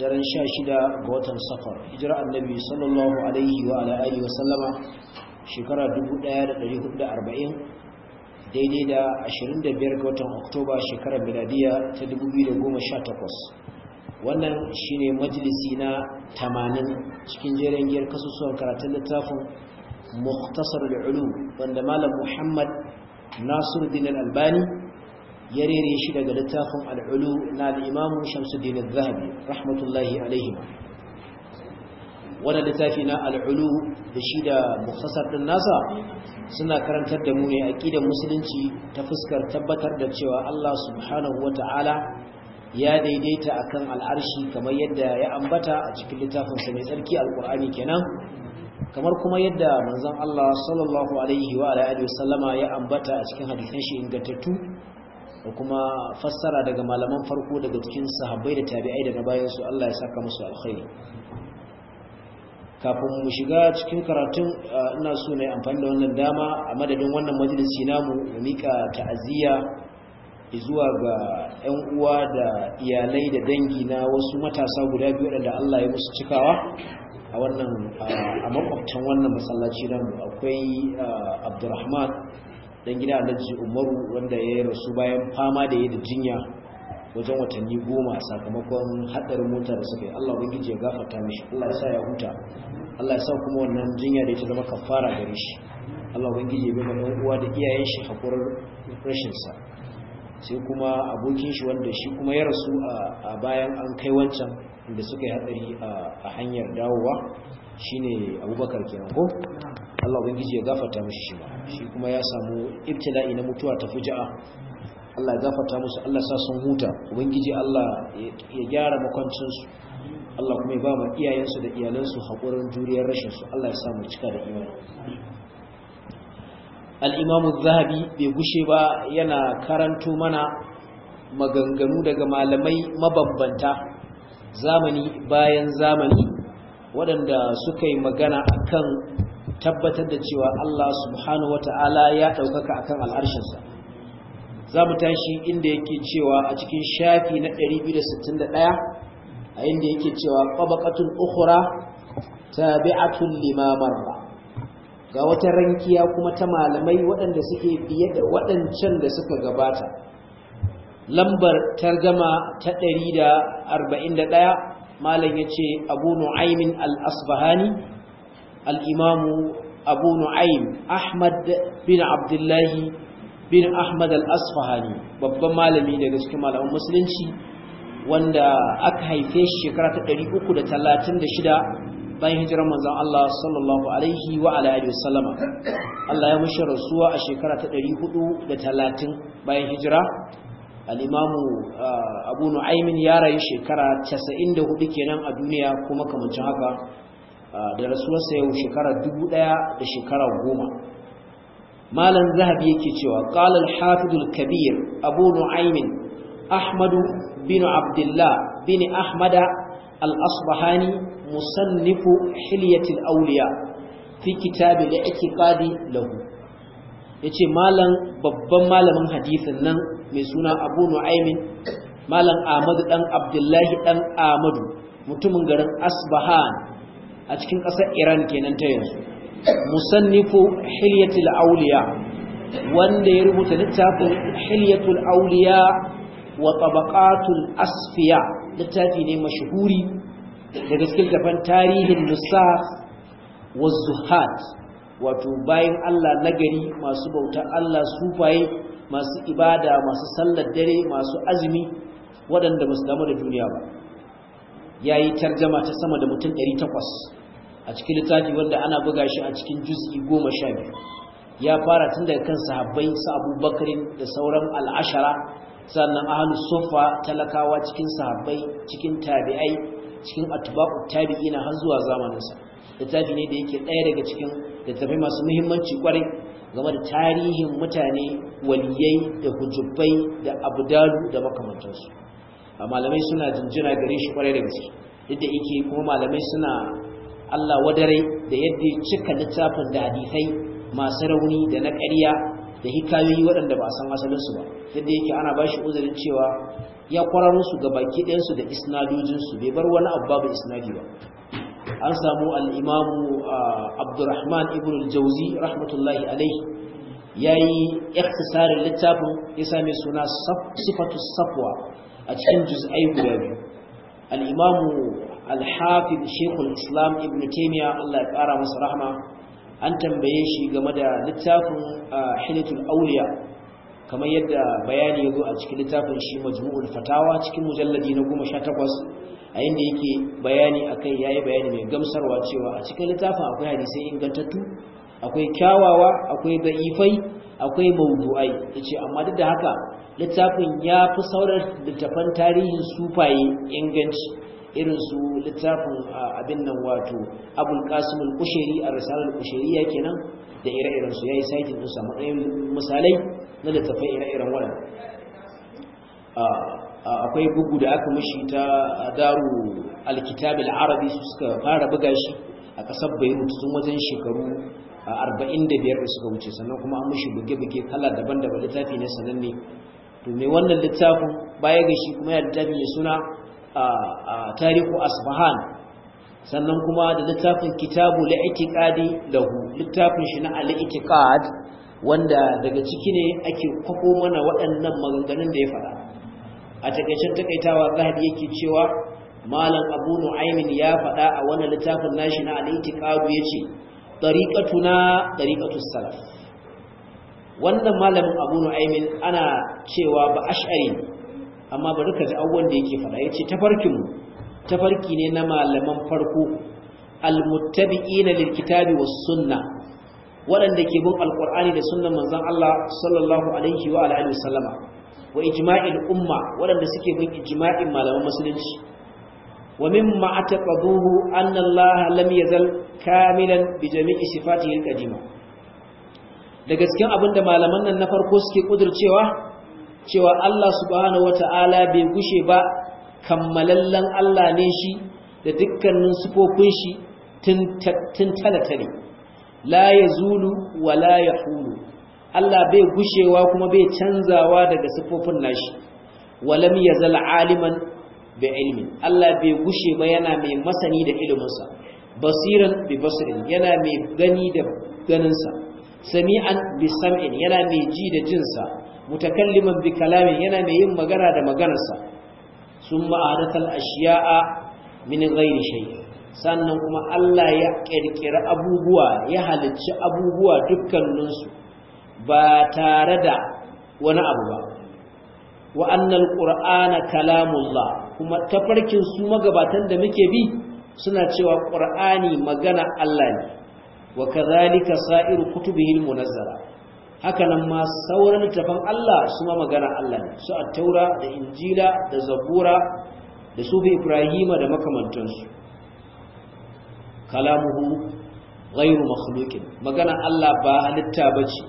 daren sha shida ga watan safar hijira annabi sallallahu alaihi wa ala'ayi wa sallama shekara 1440 daidai da 25 ga watan oktoba shekarar miladiya ta 2018 wannan shine majalisi na 80 cikin jerin giyar kasusuwan karatun littafin muktasar al'ulu wanda malam muhammad nasiru dinar albani ya rere shi daga littafin al'ulu na al'imamu shamsuddin al-zahabi rahmatullahi alaihim wannan littafi na al'ulu da shi da mukhtasar ɗin nasa suna karantar da mu ne ƙidan musulunci ta fuskar tabbatar da cewa Allah subhanahu ta'ala ya daidaita a kan al'arshi kamar yadda ya ambata a cikin littafin sa mai tsarki alqur'ani kenan kamar kuma yadda manzon Allah sallallahu alaihi wa alihi wasallama ya ambata a cikin hadisan shi ingantattu da kuma fassara daga malaman farko daga cikin sahabbai da tabi'ai daga bayan su Allah ya saka musu alkhairi kafin mu shiga cikin karatun ina so na yi amfani da wannan dama a madadin wannan majalisi namu mu mika ta'aziyya zuwa ga 'yan uwa da iyalai da dangi na wasu matasa guda biyu da Allah ya musu cikawa a wannan a makwabtan wannan masallaci namu akwai Abdulrahman dan gida alhaji umaru wanda ya rasu bayan fama da yayi da jinya wajen watanni goma sakamakon haɗarin mota da suka yi allah ubangiji ya gafarta mishi allah ya sa ya huta allah ya sa kuma wannan jinya da ita zama kafara gare shi allah ubangiji ya bi mana uwa da iyayen shi hakurar rashinsa, sai kuma abokin shi wanda shi kuma ya rasu a bayan an kai wancan da suka yi hadari a hanyar dawowa shine abubakar kenan ko Allah ubangiji ya gafarta mishi shi ba shi kuma ya samu ibtila'i na mutuwa ta fuja'a Allah ya gafarta musu Allah sa sun huta ubangiji Allah ya gyara makwancin su Allah kuma ya ba mu iyayensu da iyalansu hakurin juriyar rashin su Allah ya samu cika da imani al-Imam zahabi bai gushe ba yana karanto mana maganganu daga malamai mabambanta zamani bayan zamani waɗanda suka yi magana akan tabbatar da cewa Allah subhanahu wata'ala ya ɗaukaka akan al'arshinsa za mu tashi inda yake cewa a cikin shafi na 261 a inda yake cewa ƙabaƙatun ukura ta tabi'atun limamar ba ga wata rankiya kuma ta malamai waɗanda suke biye da waɗancan da suka gabata lambar ta targama ta 141 malam ya ce abu nu'aimin al-asbahani الإمام أبو نعيم أحمد بن عبد الله بن أحمد الأصفهاني babban malami daga cikin malaman musulunci wanda aka haife shi shekara ta 336 bayan hijirar manzon Allah sallallahu alaihi wa ala alihi wasallama Allah ya mushi rasuwa a shekara ta 430 bayan hijira al'imamu abu nu'aimin ya rayu shekara 94 kenan a duniya kuma kamancin haka Ah, da rasuwarsa yau shekara dubu ɗaya da shekara goma malam zahabi yake cewa qala al kabir abu nu'aym Ahmadu, bin abdullah bin ahmada al-asbahani musannifu hilyat al-awliya fi kitab al-i'tiqad lahu yace malam babban malamin hadisin nan mai suna abu nu'aym malam Ahmadu, dan abdullahi dan ahmadu mutumin garin asbahan a cikin ƙasar iran kenan ta yanzu musannifu hilyatul auliya wanda ya rubuta littafin hilyatul auliya wa tabaqatul asfiya littafi ne mashhuri da gaskiyar tafan tarihin nusakh wa zuhat wato bayan Allah nagari masu bauta Allah sufaye masu ibada masu sallar dare masu azumi waɗanda ba su damu da duniya ba ya yi tarjama ta sama da mutum 800 a cikin littafi wanda ana buga shi a cikin juz'i goma sha biyu ya fara tun daga kan sahabbai su abubakarin da sauran al'ashara sannan ahalus sofa talakawa cikin sahabbai cikin tabi'ai cikin atba'u tabi'ina har zuwa zamaninsa littafi ne da yake ɗaya daga cikin littafai masu muhimmanci kwarai game da tarihin mutane waliyai da hujubbai da abdalu da makamantansu malamai suna jinjina gare shi kwarai da gaske yadda yake kuma malamai suna Allah wadare da yadda ya cika littafin da hadisai masu rauni da na ƙarya da hikayoyi waɗanda ba a san asalinsu ba yadda yake ana ba shi uzurin cewa ya kwararo su ga baki ɗayansu da isnadojinsu bai bar wani abu babu isnadi ba an samu al'imamu abdurrahman ibn al-jauzi rahmatullahi alaihi ya yi ikhtisarin littafin ya same suna sifatu safwa a cikin juz'ai guda biyu al-imamu al-hafiz islam ibn taymiya Allah ya kara masa rahma an tambaye shi game da littafin hilatul awliya kamar yadda bayani ya zo a cikin littafin shi majmu'ul fatawa cikin mujalladi na 18 a inda yake bayani akai yayi bayani mai gamsarwa cewa a cikin littafin akwai hadisai ingantattu akwai kyawawa akwai da'ifai akwai mawdu'ai yace amma duk da haka littafin ya fi sauran littafan tarihin sufaye inganci irin su littafin abin nan wato abul Kusheri. al-kushairi a risalar kushariya kenan da ire-iren su yayi sakin su samu misalai na littafai ire-iren wannan akwai bugu da aka mishi ta daru al-kitab arabi su suka fara buga shi a kasar Beirut tun wajen shekaru 45 da suka wuce sannan kuma an mishi buge-buge kala daban-daban littafi ne sananne to mai wannan littafin baya ga shi kuma ya littafin mai suna a tarihu asbahan sannan kuma da littafin kitabu li'itiqadi lahu littafin shi na al wanda daga ciki ne ake kwako mana waɗannan maganganun da ya faɗa a takaicen takaitawa zahabi yake cewa malam abu nu'aymin ya faɗa a wannan littafin nashi na al ce, yace tariqatuna tariqatus salaf wannan malamin abu nu'aimin ana cewa ba ash'ari amma bari ka ji abubuwan da yake faɗa. yace tafarkinmu tafarki ne na malaman farko almuttabi'ina likitabi was sunna waɗanda ke bin Alƙur'ani da sunnan manzon Allah sallallahu alaihi wa alihi wa umma waɗanda suke bin ijma'in malaman musulunci wa mimma ataqaduhu anna Allah lam yazal kamilan bi jami'i sifatihi daga cikin abinda malaman nan na farko suke kudircewa cewa Allah subhanahu wata'ala bai gushe ba kammalallen Allah ne shi da dukkanin sufofin shi tun talatare la yazulu wa la yahulu Allah bai gushewa kuma bai canzawa daga sifofin nashi walam yazal aliman bi ilmi Allah bai gushe ba yana mai masani da iliminsa basiran bi basirin yana mai gani da ganinsa sami'an bisamin yana mai ji da jinsa mutakalliman bi kalamin yana mai yin magana da maganarsa summa adatal ashiya'a min ghairi shay sannan kuma Allah ya kirkira abubuwa ya halicci abubuwa dukkanin su ba tare da wani abu ba wa annal qur'ana kalamullah kuma tafarkin su magabatan da muke bi suna cewa qur'ani magana Allah ne wa kadhalika sa'iru kutubihi almunazzala munazzara Hakanan ma sauran littafan Allah su ma magana Allah ne su at-taura da injila da zabura da sufi ibrahima da makamantansu kalamuhu ghairu makhluqin magana Allah ba halitta bace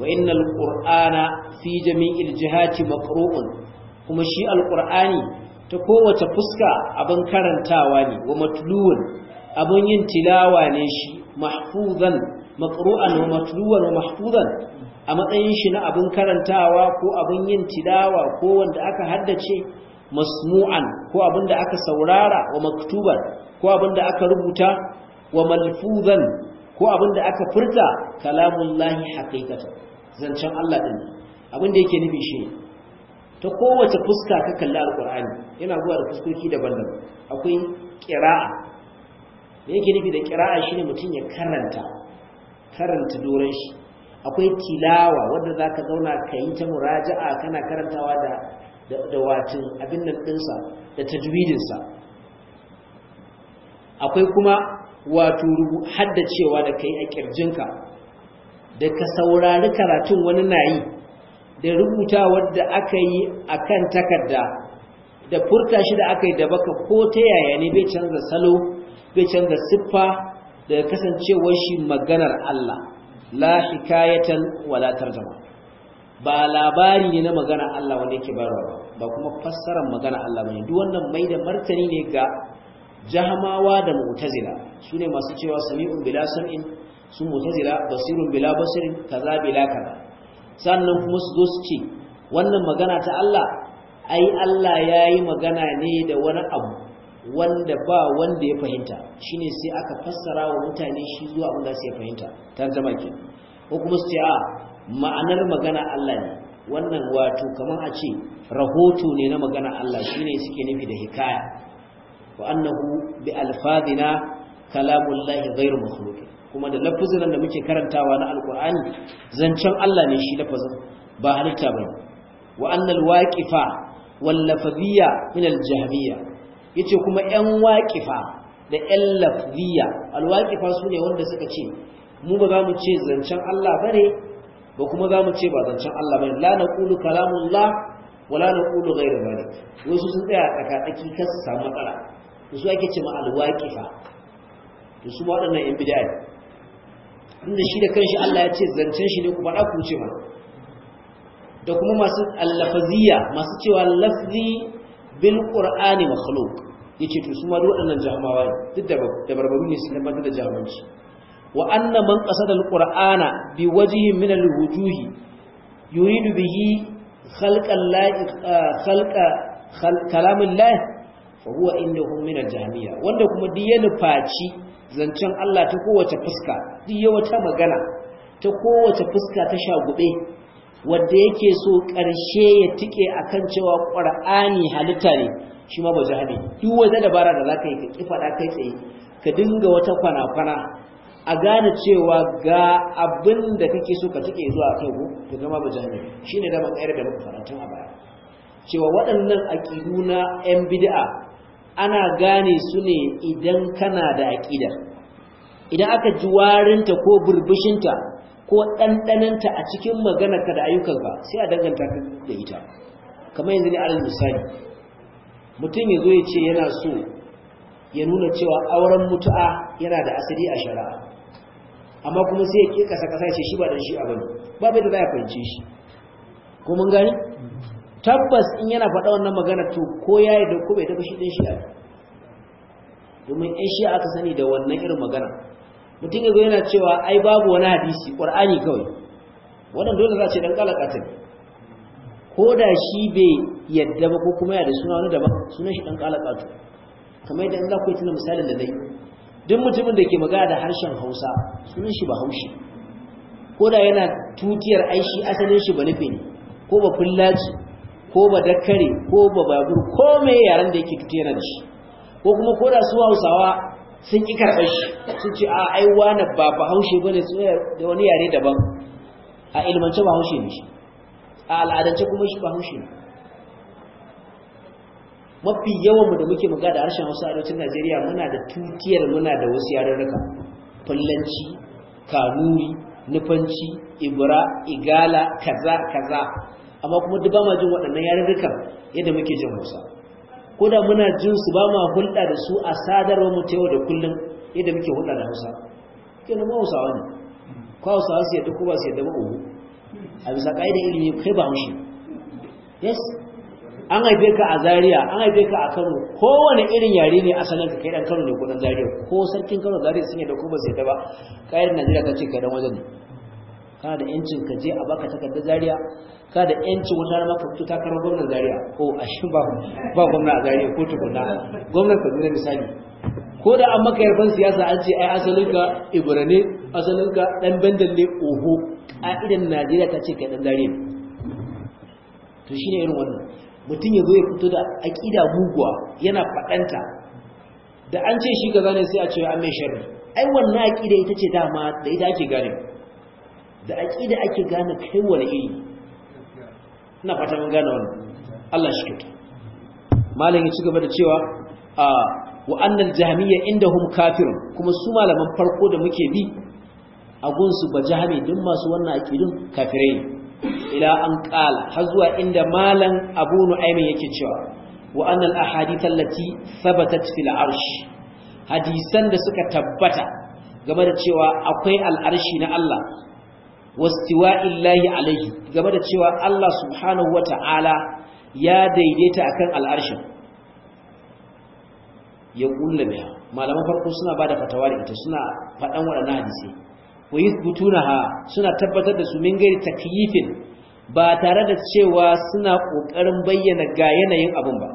wa innal qur'ana fi jami'il jihati maqru'un kuma shi alqur'ani ta kowace fuska abin karantawa ne wa matlu'un abin yin tilawa ne shi mahfuzan maqru'an wa matluwan wa mahfuzan a matsayin shi na abin karantawa ko abin yin tilawa ko wanda aka haddace masmu'an ko abin da aka saurara wa maktuban ko abin da aka rubuta wa malfuzan ko abin da aka furta kalamullahi haqiqatan zancen Allah din abin da yake nufi shi ta kowace fuska ka kalli alqur'ani yana zuwa da fuskoki daban-daban akwai qira'a da yake nufi da kira'a ne mutum ya karanta karanta doron shi akwai tilawa wadda za ka zauna ka yi ta muraja'a kana karantawa da watin abin nan ɗinsa da tajwidin sa akwai kuma wato haddacewa da ka yi a ƙirjinka da ka saurari karatun wani na yi, da rubuta wanda aka yi a kan takarda da furta shi da aka yi da baka ko ta yaya ne bai canza salo bai canza siffa daga kasancewar shi maganar Allah la hikayatan wala tarjuma ba labari ne na maganar Allah wanda yake bayarwa ba ba kuma fassarar maganar Allah bane duk wannan mai da martani ne ga jahmawa da mu'tazila sune masu cewa sami'un bila sam'in su mu'tazila basirun bila basirin kaza bila kaza sannan kuma su zo su ce wannan magana ta Allah ai Allah yayi magana ne da wani abu wanda ba wanda ya fahimta shine sai aka fassara wa mutane shi zuwa wanda da su ya fahimta tarjama ke ko kuma su ce a ma'anar magana Allah ne wannan wato kamar a ce rahoto ne na magana Allah shine suke nufi da hikaya wa annahu bi alfadina kalamullahi ghairu makhluq kuma da lafuzin da muke karantawa na alqur'ani zancen Allah ne shi lafazin ba halitta bane wa annal waqifa wal min al yace kuma ƴan waqifa da ƴan lafziya alwaqifa sune wanda suka ce mu ba za mu ce zancen Allah ne ba kuma za mu ce ba zancen Allah bane la naqulu kalamullah wala naqulu ghayra zalik wasu sun tsaya tsaka tsaki su samu matsala su ake ce ma alwaqifa to su ba waɗannan ƴan bid'a inda shi da kanshi Allah ya ce zancen shi ne ku da ku ce mana da kuma masu allafaziya masu cewa lafzi bil qur'ani makhluq yace to su ma duk waɗannan jahmawa ne duk da barbaru ne sun manta da jama'anci wa anna man qasada al qur'ana bi wajhin min al wujuhi yuridu bihi khalqa la khalqa kalam Allah fa huwa indahum min al wanda kuma duk ya nufaci zancen Allah ta kowace fuska duk ya wata magana ta kowace fuska ta shagube wanda yake so ƙarshe ya tike akan cewa ƙur'ani halitta ne shi ma ba jahili duk wata dabara da zaka yi ka da kai tsaye ka dinga wata kwana-kwana a gane cewa ga abin da kake so ka tike zuwa kai go to zama ba jahili shine da ban da muka a baya cewa waɗannan aqidu na yan bid'a ana gane su ne idan kana da aqida idan aka ji warinta ko burbushinta ko ɗanɗaninta a cikin maganarka da ayyukan ba, sai a danganta ka da ita kamar yanzu ne alal misali mutum ya zo ya ce yana so ya nuna cewa auren mutu'a yana da asali a shari'a amma kuma sai ya ƙi ƙasa ya ce shi ba don shi abin ba bai da za a fahimce shi ko mun gani tabbas in yana faɗa wannan magana to ko ya yi da ko bai taɓa shi ɗin shi a domin ƴan shi aka sani da wannan irin magana mutum yazo yana cewa ai babu wani hadisi ƙwar'ani kawai wannan dole za ce ɗan ƙalaƙatin ko da shi bai yadda ba ko kuma ya suna wani daban sunan shi ɗan ƙalaƙatu kamar yadda za ku yi tuna misalin da dai duk mutumin da ke magana da harshen Hausa sunan shi ba haushi ko da yana tutiyar aishi asalin shi ba nufin ko ba fullaci ko ba dakkare ko ba babur ko mai yaren da yake tutiyar da shi ko kuma ko da su Hausawa sun ƙi karɓar shi sun ce a ai wani ba bahaushe ba ne da wani yare daban a ilmance bahaushe ne shi a al'adance kuma shi bahaushe ne mafi yawanmu da muke magana da harshen hausa arewacin najeriya muna da tutiyar muna da wasu yarurruka fallanci kanuri nufanci ibra igala kaza kaza amma kuma duk ma jin waɗannan yarurrukan yadda muke jin hausa ko da muna jin su ba mu hulɗa da su a sadarwa mu ta yau da kullum yadda muke hulɗa da hausa ke nan hausawa ne ko hausawa su yadda ko ba su yadda ba uku a bisa ƙa'idar ilimi kai ba mushi yes an haife ka a zaria an haife ka a kano kowane irin yare ne asalin ka kai dan kano ne ko dan zaria ko sarkin kano zaria sun yadda ko ba su yadda ba na najeriya ka ce kai dan wajen ne kana da yancin ka je a baka takardar zaria Kada da yanci wani har maka fito takarar gwamnan zaria ko a shi ba gwamna a zaria ko tukuna gwamnan kaduna misali ko da an maka yarban siyasa an ce ai asalin ka ibra ne asalin ka dan bandan ne oho idan najeriya ta ce kai dan zaria to shine irin wannan mutum ya ya fito da aƙida muguwa yana faɗanta da an ce shi gaza ne sai a ce an mai sharri ai wannan aƙida ita ce dama da ita ake gane da aƙida ake gane kai wani iri ina fata mun gane wannan Allah shi kuta malamin ya ci gaba da cewa a wa annal jahmiya indahum kafirun kuma su malaman farko da muke bi a gunsu ba jahmi din masu wannan aqidun kafirai ila an qala har zuwa inda malam Abu Nu'aym yake cewa wa annal ahadith allati thabatat fil arsh hadisan da suka tabbata game da cewa akwai al'arshi na Allah الله alaihi game da cewa Allah subhanahu wata'ala ya daidaita akan al'arshin ya kulla biya malaman farko suna bada fatawa da ita suna faɗan waɗannan hadisi wa yuthbutunaha suna tabbatar da su min gairi takyifin ba tare da cewa suna kokarin bayyana ga yanayin abun ba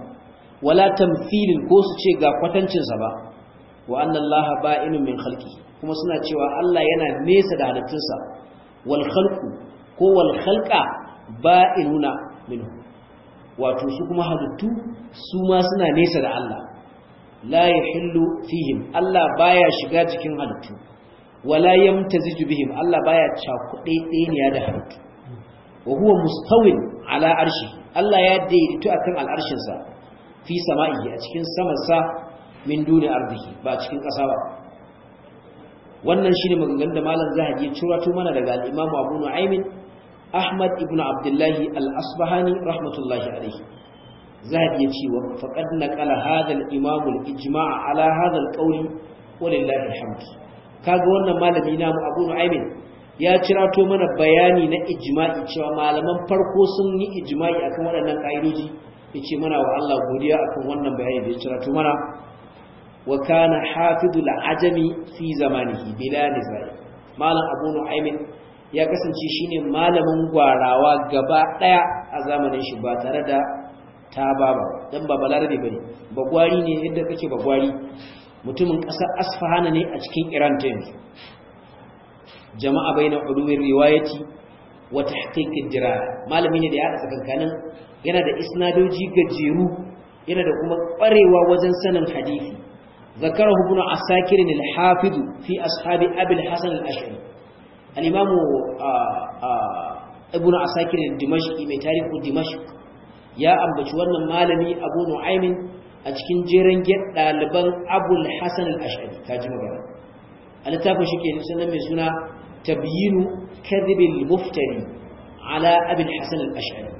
wala tamthilin ko su ce ga kwatancin sa ba wa anna allaha ba'inun min khalqi kuma suna cewa Allah yana nesa da halittunsa walhalku ko wal khalqa ba'inuna minhu wato su kuma halittu su ma suna nesa da Allah la yahillu fihim Allah baya shiga cikin halittu wala yamtaziju bihim Allah baya cakuɗe ɗaya da halittu wa huwa mustawin ala arshi Allah ya daidaito akan al'arshinsa fi sama'i a cikin samansa min duni ardihi ba cikin ƙasa ba wannan shine maganganun da malam zahabi ya cirato mana daga al-imam abu nu'aymin ahmad ibn abdullahi al-asbahani rahmatullahi alayhi zahabi ya ce wa faqad naqala hadha al-imam al-ijma' ala hadha al-qawli walillahi alhamd kaga wannan malami na abu nu'aymin ya cirato mana bayani na ijma'i cewa malaman farko sun yi ijma'i akan waɗannan ka'idoji yace mana wa Allah godiya akan wannan bayani da ya cirato mana wa kana hafidul ajami fi zamanihi bila nizai malam abu nu'aymin ya kasance shine malamin gwarawa gaba daya a zamanin shi ba tare da ta baba dan ba balarabe bane bagwari ne yadda kake bagwari mutumin kasar asfahana ne a cikin iran ta yanzu jama'a baina ulumir riwayati wa tahqiqid diraya malami ne da ya hada tsakankanin yana da isnadoji gajeru yana da kuma kwarewa wajen sanin hadisi ذكره ابن عساكر الحافظ في أصحاب أبي الحسن الأشعري الإمام ابن عساكر الدمشقي من تاريخ دمشق يا أبتش وانا مالمي أبو نعيم أتكين جيرن جد لبن أبو الحسن الأشعري كاجم بنا الاتفاق شكي نفسنا من سنة تبيين كذب المفتري على أبي الحسن الأشعري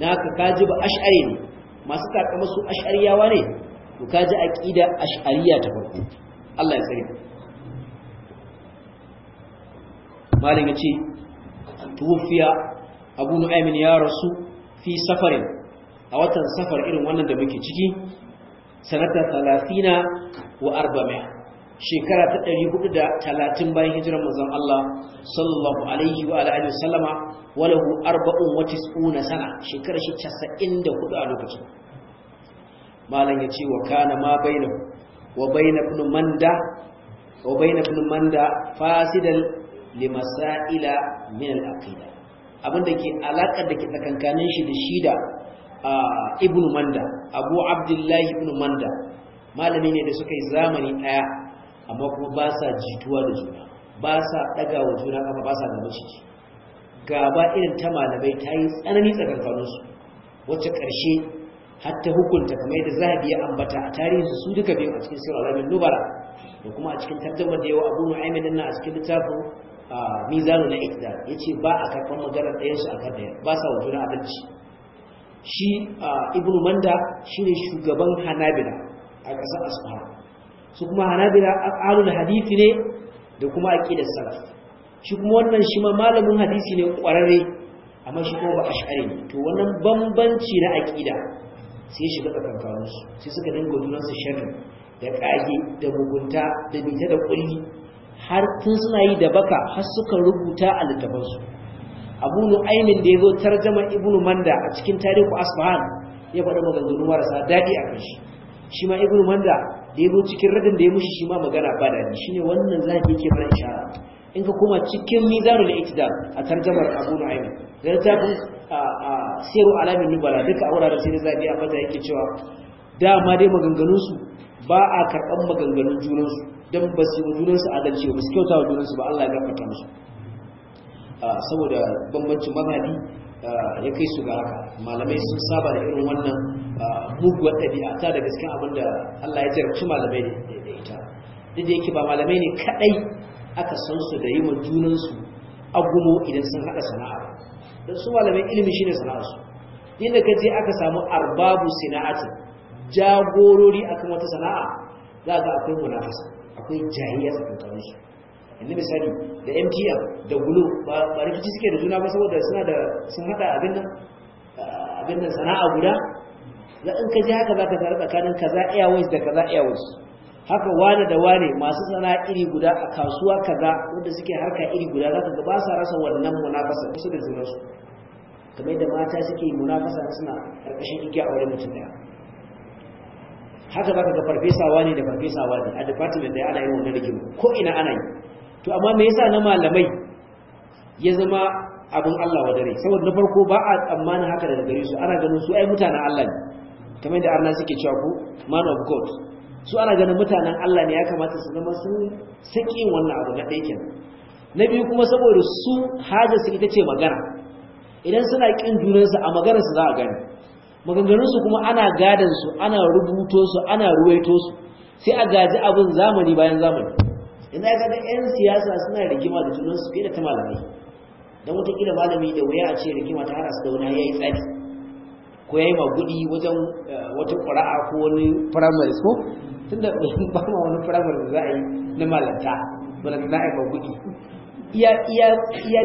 ناك كاجب أشعري ما سكاك مسو أشعري يا واني to kaji aqida ash'ariyya ta farko Allah ya tsare ya ce tufiya abu nu'aymin ya rasu fi safarin a watan safar irin wannan da muke ciki sanata 30 wa 400 shekara ta 430 bayan hijiran manzon Allah sallallahu alaihi wa alihi wasallama wa 94 sana shekara shi 94 a lokacin malam ya ce wa kana ma bainu wa bainu manda wa bainu manda fasidan li masaila min al aqida abinda ke alaka da ke tsakankanin shi da shida ibnu manda abu abdullahi ibn manda malami ne da suka yi zamani daya amma kuma ba sa jituwa da juna ba sa daga wa juna kafa ba sa gaba shi gaba irin ta malamai ta yi tsanani su wacce ƙarshe hatta hukunta kamar yadda zahabi ya ambata a tarihi su duka biyu a cikin sirra alamin nubara da kuma a cikin tarjamar da yawa abu mu'aymin nan a cikin littafin mizanu na iktidal yace ba a karban magana ɗayan su akan ɗaya ba sa wa adalci shi ibnu manda shine shugaban hanabila a ƙasar asfara su kuma hanabila alul hadisi ne da kuma aqidar salaf shi kuma wannan shi ma malamin hadisi ne ƙwararre amma shi kuma ba ash'ari ne to wannan bambanci na aqida sai shiga tsakankaninsu sai suka dinga junansu shirin da ƙage da mugunta da bita da ƙulli har tun suna yi da baka har suka rubuta a littafansu abu nu'aimin da ya zo tarjama ibnu manda a cikin tarihu asfahan ya faɗa maganganu marasa daɗi a kan shi shi ma ibnu manda da ya zo cikin radin da ya mushi shi ma magana ba daɗi shine wannan zafi yake fara ishara in ka koma cikin mizanul da a tarjamar abu nu'aym da ta fi a siru alamin nubala duka a wuraren sai da zabi a fata yake cewa dama dai maganganun ba a karban maganganun junan su dan ba su yi junan su adalci ba su kyauta wa junan ba Allah ya gafarta musu saboda bambancin mazhabi ya kai su ga haka malamai sun saba da irin wannan muguwar ɗabi'a ta da gaskiya abinda Allah ya jarabci malamai da ita duk da yake ba malamai ne kadai aka san su da yi wa junansu agumo idan sun haɗa sana'a don su malamin ilimi shine sana'arsu inda ka je aka samu arbabu sana'atin jagorori akan wata sana'a za ga akwai munafasa akwai jahiliya tsakanin su inda misali da mtm da Glo ba rikici suke da juna ba saboda suna da sun haɗa abin nan sana'a guda za in ka je haka za ka tsara tsakanin kaza airways da kaza airways haka wane da wane masu sana iri guda a kasuwa kaza wanda suke harka iri guda za ka ga ba sa rasa wannan munafasa su da su kamar yadda mata suke munafasa suna karkashin igiya a wurin mutum daya haka za ka ga farfesa wane da farfesa wane a department da ana yin wannan rigimu ko ina ana yi to amma me yasa na malamai ya zama abin Allah wa dare saboda na farko ba a tsammanin haka daga gare su ana ganin su ai mutanen Allah ne kamar yadda arna suke cewa ko man of god su ana ganin mutanen Allah ne ya kamata su zama sun saki wannan abu na ɗaya kenan na biyu kuma saboda su hajar su ita ce magana idan suna kin junansu a maganar su za a gani maganganun su kuma ana gadan su ana rubuto su ana ruwaito su sai a gaji abin zamani bayan zamani ina ga yan siyasa suna rigima da junan su da ta malamai dan wata malami da waya a ce rigima ta hana su da wani yayi tsari ko yayi magudi wajen eh, wata qura'a ko wani firamare ko tunda ba ma wani firamare da za a yi na malanta wala na aika kuɗi iya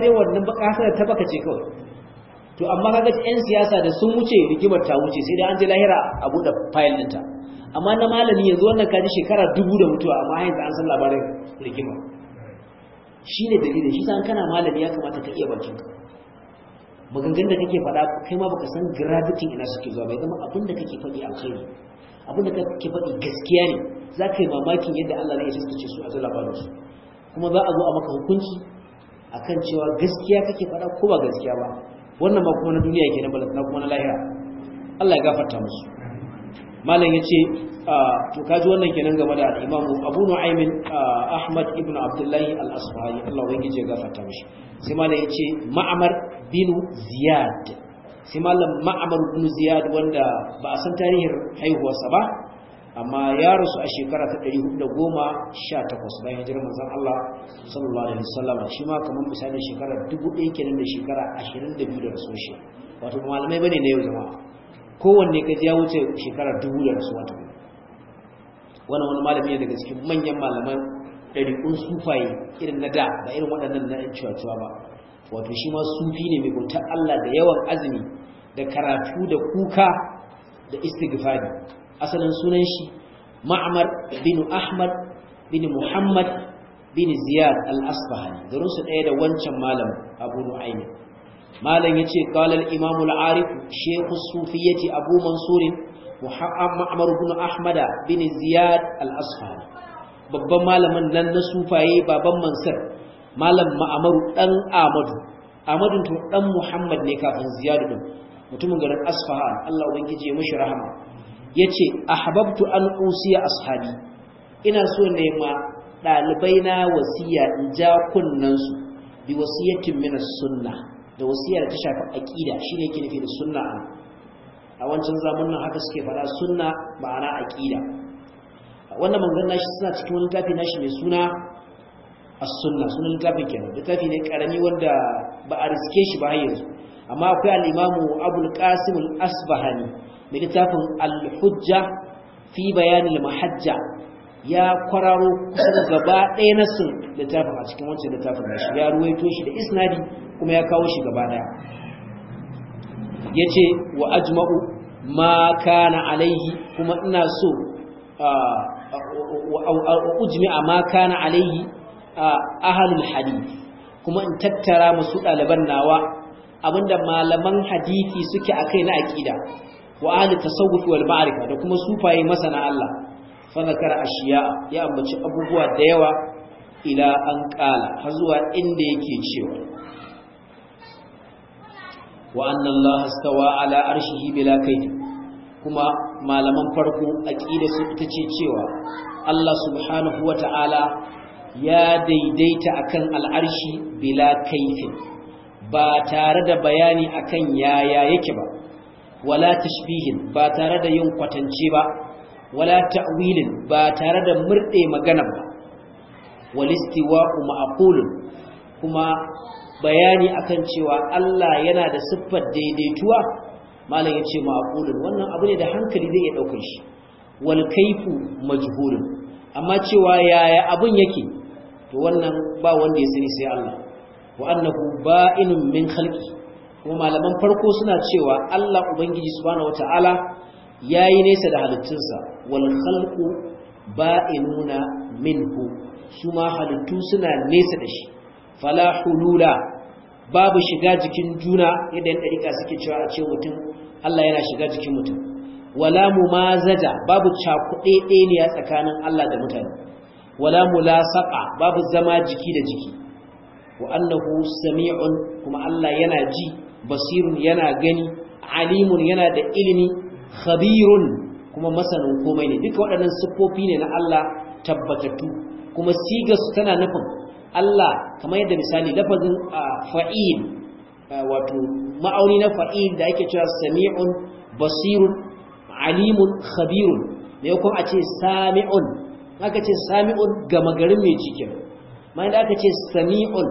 dai wannan baka ta baka ce kawai to amma kaga yan siyasa da sun wuce rigimar ta wuce sai dai an je lahira a bude fayil ɗinta amma na malami yanzu wannan kaji shekara dubu da mutuwa amma yanzu an san labarin rigimar shi ne dalilin shi san kana malami ya kamata ka iya bakin ka da kake faɗa kai ma baka san gravity ina suke zuwa bai zama abin da kake faɗi alkhairi abin da ke faɗi gaskiya ne za ka yi mamakin yadda Allah zai ya fuskace su a zai labarin su kuma za a zo a maka hukunci akan cewa gaskiya kake faɗa ko ba gaskiya ba wannan ba kuma na duniya ke na balantana kuma na lahira Allah ya gafarta musu malam ce ah, to kaji wannan kenan game da Imam Abu Nu'aym ah, Ahmad ibn Abdullahi al-Asfahani Allah ya gafarta mishi sai malam ce Ma'amar bin Ziyad sai malam ma'amar ibn ziyad wanda ba a san tarihin haihuwarsa ba amma ya rasu a shekara ta 418 bayan hijirar manzon Allah sallallahu alaihi wasallam shi ma kamar misali shekara 1000 kenan da shekara 22 da rasu shi wato malamai bane na yau jama'a kowanne ka ji ya wuce shekara 1000 da rasu wato wannan wani malami ne daga cikin manyan malaman ɗari'un sufaye irin na da ba irin waɗannan na 'yan cewa ba wato shi ma sufi ne mai bautar Allah da yawan azumi da karatu da kuka da istighfari asalin sunan shi ma'amar bin ahmad bin muhammad bin Ziyar, al-asfahani garin ɗaya da wancan malam abu nu'aymin malam yace ce al-imam al-arif Sufi ya ce abu mansur muhammad bin ahmad bin Ziyar al-asfahani babban malamin nan na sufaye baban Mansar. malam ma'amaru dan amadu amadun to dan muhammad ne kafin ziyadu din mutumin garin asfahan Allah ubangiji ya mushi rahama yace ahbabtu an usiya ashabi ina so ne ma dalibai na wasiya in ja kunnan su bi wasiyatin min sunna da da ta shafi aqida shine yake nufi da sunna a wancan zamanin haka suke fara sunna ma'ana aqida wannan manzon nashi suna cikin wani tafi nashi mai suna as-sunna sunan littafin kenan littafi ne karami wanda ba a riske shi ba har yanzu amma akwai al-imamu abul qasim al-asbahani mai littafin al-hujja fi bayan al-mahajja ya kwararo kusan gaba ɗaya na sun littafin a cikin wancan littafin da shi ya ruwaito shi da isnadi kuma ya kawo shi gaba ɗaya ya ce wa ajma'u ma kana alaihi kuma ina so wa a ma kana alaihi ahalul hadisi kuma in tattara musu ɗaliban nawa abinda malaman hadisi suke akai na aqida wa ahli tasawuf wal ma'rifa da kuma sufaye masana Allah fa zakara ashiya ya ambaci abubuwa da yawa ila an qala har zuwa inda yake cewa wa anna Allah astawa ala arshihi bila kayd kuma malaman farko aqida su ce cewa Allah subhanahu wa ta'ala ya daidaita akan al'arshi bila kaifin ba tare da bayani akan yaya yake ba wala tashbihin ba tare da yin kwatance ba wala ta'wilin ba tare da murde magana ba walistiwa'u ma'qulun kuma bayani akan cewa Allah yana da siffar daidaituwa malam yace ma'qulun wannan abu ne da hankali zai iya daukar shi wal kaifu majhulun amma cewa yaya abun yake to wannan ba wanda ya sani sai Allah wa annahu ba'inun min khalqi kuma malaman farko suna cewa Allah ubangiji subhanahu wata'ala yayi nesa da halittunsa wal khalqu ba'inuna minhu su halittu suna nesa da shi fala hulula babu shiga jikin juna yadda yan dariƙa suke cewa a ce mutum Allah yana shiga jikin mutum wala mumazaja babu cakuɗe ɗaya tsakanin Allah da mutane wala mulasaqa babu zama jiki da jiki wa annahu sami'un kuma Allah yana ji basirun yana gani alimun yana da ilimi Kabirun kuma masanin komai ne duka waɗannan siffofi ne na Allah tabbatattu kuma siga su tana nufin Allah kamar yadda misali lafazin fa'il wato ma'auni na fa'il da ake cewa sami'un basirun alimun khabirun ne kuma a ce sami'un aka ce sami'un gama garin mai cikin, ma da aka ce sami'un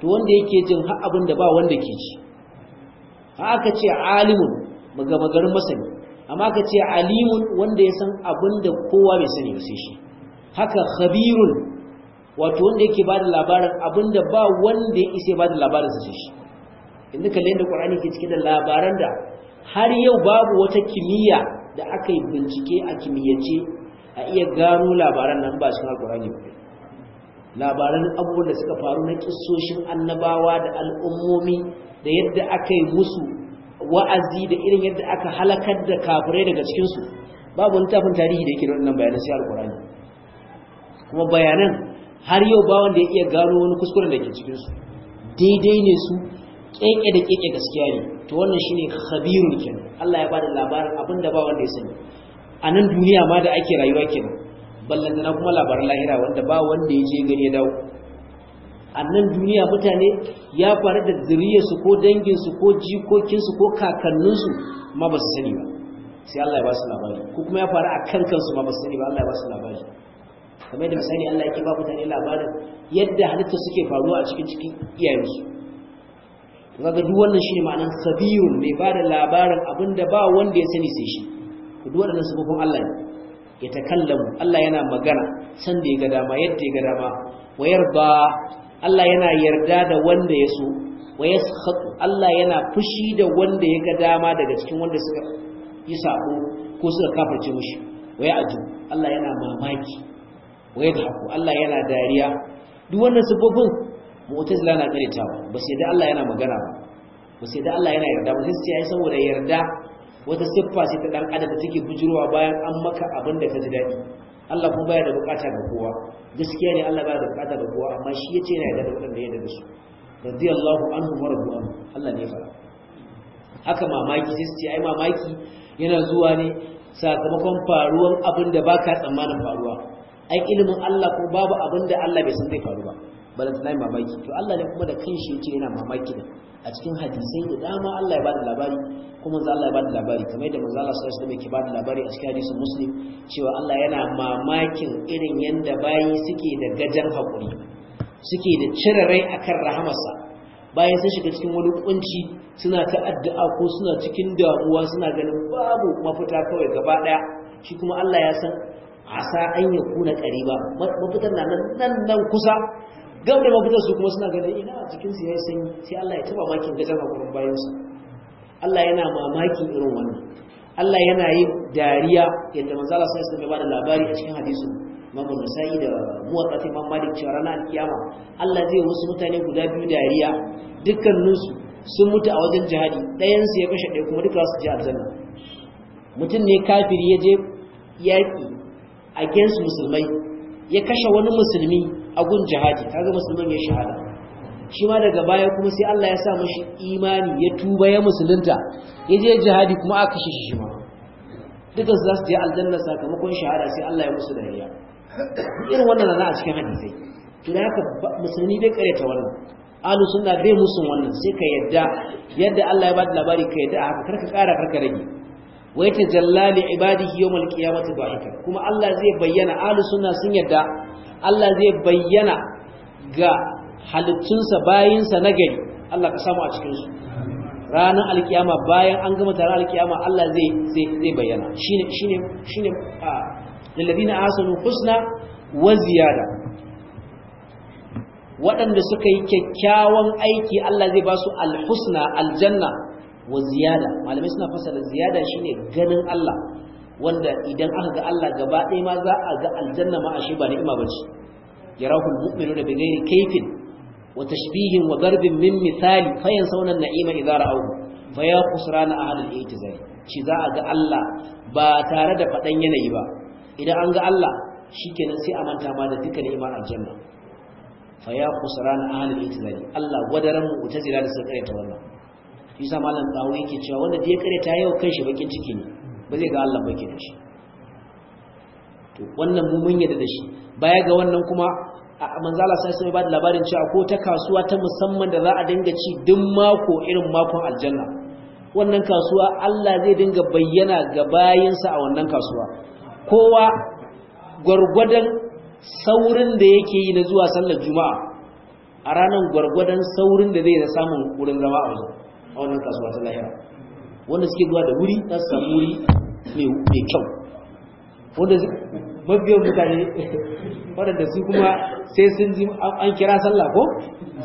to wanda yake jin har abin da ba wanda ke ji ha aka ce alimun gama garin masani amma aka ce alimun wanda ya san abin da kowa bai sani ba sai shi haka khabirun wato wanda yake da labarin abin da ba wanda ya isa da labarin sai shi inda kalle da Qur'ani ke cike da labaran da har yau babu wata kimiyya da aka yi bincike a kimiyyace? a iya gano labaran nan ba cikin alkurani ba labaran abubuwan da suka faru na kissoshin annabawa da al'ummomi da yadda aka yi musu wa'azi da irin yadda aka halakar da kafirai daga cikinsu babu littafin tarihi da yake da wannan bayanan sai alkurani kuma bayanan har yau ba wanda ya iya gano wani kuskuren da ke cikinsu daidai ne su keke da keke gaskiya ne to wannan shine khabirun kenan Allah ya bada labarin abinda ba wanda ya sani a nan duniya ma da ake rayuwa kenan na kuma labaran lahira wanda ba wanda ya je gani ya dawo a nan duniya mutane ya faru da zuriyarsu ko danginsu ko jikokinsu ko kakanninsu ma ba su sani ba sai Allah ya ba su labari ko kuma ya faru a kan kansu ma ba su sani ba Allah ya ba su labari kamar da misali Allah yake ba mutane labarin yadda halitta suke faruwa a cikin cikin iyayensu kaga duk wannan shine ma'anar sabiyun mai ba da labarin abinda ba wanda ya sani sai shi to duk waɗannan sifofin Allah ne ya takallamu Allah yana magana san da ya ga dama yadda ya ga dama wa yarda Allah yana yarda da wanda ya so wa yaskhatu Allah yana fushi da wanda ya ga dama daga cikin wanda suka yi sako ko suka kafarce mushi wa ya'ju Allah yana mamaki wa yadhaku Allah yana dariya duk wannan sifofin mu'tazila na karetawa ba sai da Allah yana magana ba ba sai da Allah yana yarda ba sai sai saboda yarda wata siffa ce ta dan adam da take bujurowa bayan an maka abin da ka ji daɗi Allah kuma baya da bukata ga kowa gaskiya ne Allah baya da bukata ga kowa amma shi yace yana da da ya da su radiyallahu anhu wa radu anhu Allah ne fara haka mamaki sai su ce ai mamaki yana zuwa ne sakamakon faruwan abin da baka tsammanin faruwa ai ilimin Allah ko babu abin da Allah bai san zai faru ba balanta na yi mamaki to Allah ne kuma da kanshi ya ce yana mamaki da a cikin hadisai da dama Allah ya bada labari kuma manzo Allah ya bada labari kamar yadda manzo Allah sallallahu alaihi wasallam ke bada labari a cikin hadisin Muslim cewa Allah yana mamakin irin yanda bayi suke da gajar hakuri suke da cire rai akan rahamarsa bayan sun shiga cikin wani kunci suna ta addu'a ko suna cikin damuwa suna ganin babu mafita kawai gaba daya shi kuma Allah ya san asa an yakuna qariba mafitar na nan nan kusa gab da mafitar su kuma suna ganin ina jikinsu ya yi sanyi sai Allah ya taba makin gajar a kuma bayansu Allah yana mamakin irin wannan Allah yana yi dariya yadda manzala sai su ba da labari a cikin hadisu mamun nasa'i da ta imam malik cewa ranar kiyama Allah zai wasu mutane guda biyu dariya dukkaninsu sun mutu a wajen jihadi ɗayansu ya kashe ɗaya kuma duka su je aljanna mutum ne kafiri ya je yaƙi against musulmai ya kashe wani musulmi agun jihadi kaga musulman ya shahada shi ma daga baya kuma sai Allah ya sa mashi imani ya tuba ya musulunta ya je jihadi kuma aka kashe shi ma duka su za su je aljanna sakamakon shahada sai Allah ya musu dariya irin wannan na a cikin hadisai to da haka musulmi bai ta wannan alu sunna bai musun wannan sai ka yadda yadda Allah ya ba da labari ka yadda haka karka kara karka rage wai ta jallali ibadihi yawmal qiyamati ba'ika kuma Allah zai bayyana alu sunna sun yadda Allah zai bayyana ga halittunsa bayinsa na gari Allah ka samu a cikinsu ranar alkiyama bayan an gama tare alkiyama Allah zai bayyana shi ne lalabi na asalin husna wa ziyada waɗanda suka yi kyakkyawan aiki Allah zai ba su alhusna aljanna wa ziyada malamai suna fasara ziyada shine ganin Allah wanda idan aka ga Allah gaba ɗaya ma za a ga aljanna ma ashe ba ni'ima bace yarahu almu'minuna bighairi kayfin wa tashbihin wa darbin min misali fa yansawna naima idza ra'awhu fa ya khusrana ahad al-i'tizal shi za a ga Allah ba tare da fadan yanayi ba idan an ga Allah shikenan sai a manta ma da dukkan ni'imar aljanna fa ya khusrana ahad al-i'tizal Allah wadaran mu'tazila da ta wannan shi malam dawo yake cewa wanda da ya ta yau kanshi bakin ciki ne ba zai ga Allah ba to wannan mu mun yadda da shi baya ga wannan kuma manzala sai sai ba da labarin cewa ko ta kasuwa ta musamman da za a dinga ci duk mako irin makon aljanna wannan kasuwa Allah zai dinga bayyana ga bayinsa a wannan kasuwa kowa gurgurdan saurin da yake yi na zuwa sallar juma'a a ranar gurgurdan saurin da zai da samun wurin zama a wannan kasuwa ta lahira wanda suke zuwa da wuri ta su samu wuri mai kyau wanda mabiyan mutane waɗanda su kuma sai sun ji an kira sallah ko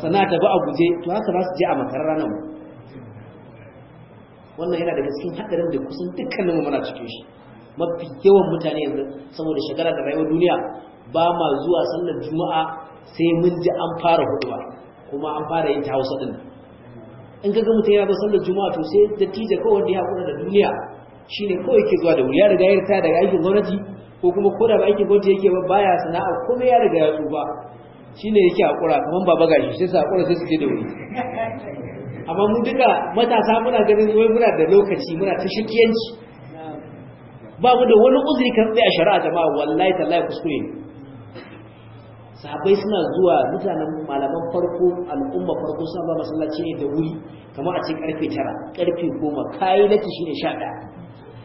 sannan tafi a guje to haka za su je a makar ranar wannan yana daga cikin haɗarin da kusan dukkanin mu muna cikin shi mafi yawan mutane yanzu saboda shagara da rayuwar duniya ba ma zuwa sallar juma'a sai mun ji an fara huduwa kuma an fara yin ta hausa din in ka ga mutum yana sallar juma'a to sai dattijo kawai da ya hakura da duniya shine kawai ke zuwa da wuri ya riga ya daga aikin gwamnati ko kuma ko da ba aikin gwamnati yake ba baya sana'a kuma ya riga ya tsufa ne yake haƙura, kamar baba gashi sai su haƙura sai su je da wuri amma mu duka matasa muna ganin wai muna da lokaci muna ta shirkiyanci ba mu da wani uzuri kan tsaye a shari'a jama'a wallahi tallahi kuskure Sahabai sahabbai suna zuwa mutanen malaman farko al'umma farko suna ba masallaci ne da wuri kamar a ce karfe tara karfe goma kayi lati ne sha ɗaya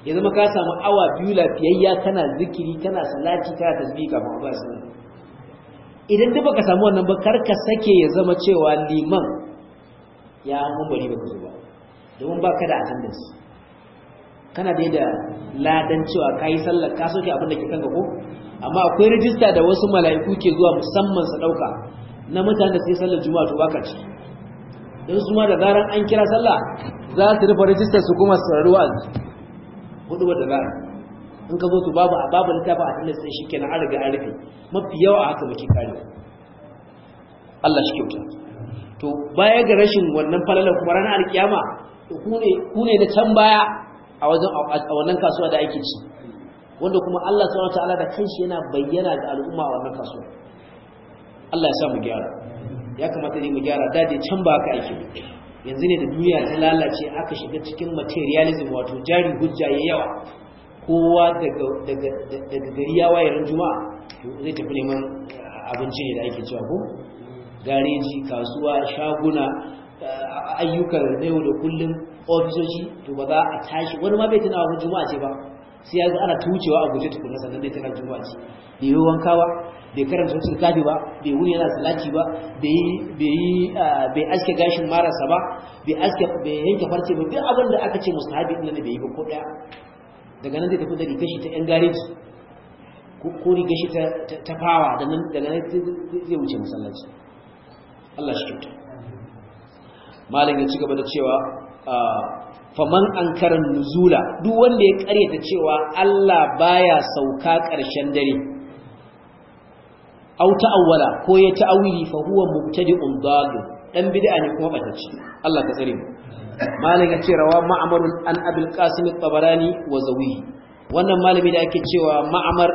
ya zama ka samu awa biyu lafiyayya kana zikiri kana salati kana tasbih kafin ba basu idan duk baka samu wannan ba kar ka sake ya zama cewa liman ya hambari ba zo ba domin baka da attendance kana dai da ladan cewa kai sallar ka soke abin da ke kanka ko amma akwai rijista da wasu mala'iku ke zuwa musamman su dauka na mutane sai sallar juma'a to baka ci don su ma da zaran an kira sallah za su rufe rijistar su kuma su raruwa hudu da za in ka zo to babu a babu littafi a tilas sai shike na arga an rufe mafi yawa haka muke kare Allah shi kyauta to baya ga rashin wannan falalar kuma ranar alkiyama ku ne na can baya a wajen a wannan kasuwa da ake ci wanda kuma Allah subhanahu wataala da kanshi yana bayyana ga al'umma a wannan kasuwa Allah ya sa mu gyara ya kamata ne mu gyara dade can ba aiki ake yanzu ne da duniya ta lalace aka shiga cikin materialism wato jari hujja ya yawa kowa daga gari ya waye ran juma'a zai tafi neman abinci ne da ake cewa ko gareji kasuwa shaguna ayyukan na yau da kullum ofisoshi to ba za a tashi wani ma bai tana juma'a ce ba sai ya zo ana tucewa a guje tukunna sannan zai tana juma'a ce bai yi wanka ba bai karanta wasu kafi ba bai wuni yana salati ba bai aske gashin marasa ba bai aske bai yanke farce ba duk abin da aka ce mustahabi din nan bai yi ba ko ɗaya. daga nan zai tafi da rigashi ta yan gareji ko rigashi ta fawa da nan daga nan zai wuce masallaci Allah shi kyauta malam ya ci gaba da cewa faman ankaran nuzula duk wanda ya karyata cewa Allah baya sauka ƙarshen dare aw ta'awwala ko ya ta'awili fa huwa mubtadi'un dalil dan bid'a ne kuma ci Allah ka tsare mu ya ce rawa ma'amar an abul qasim at-tabarani wa zawihi wannan malami da ake cewa ma'amar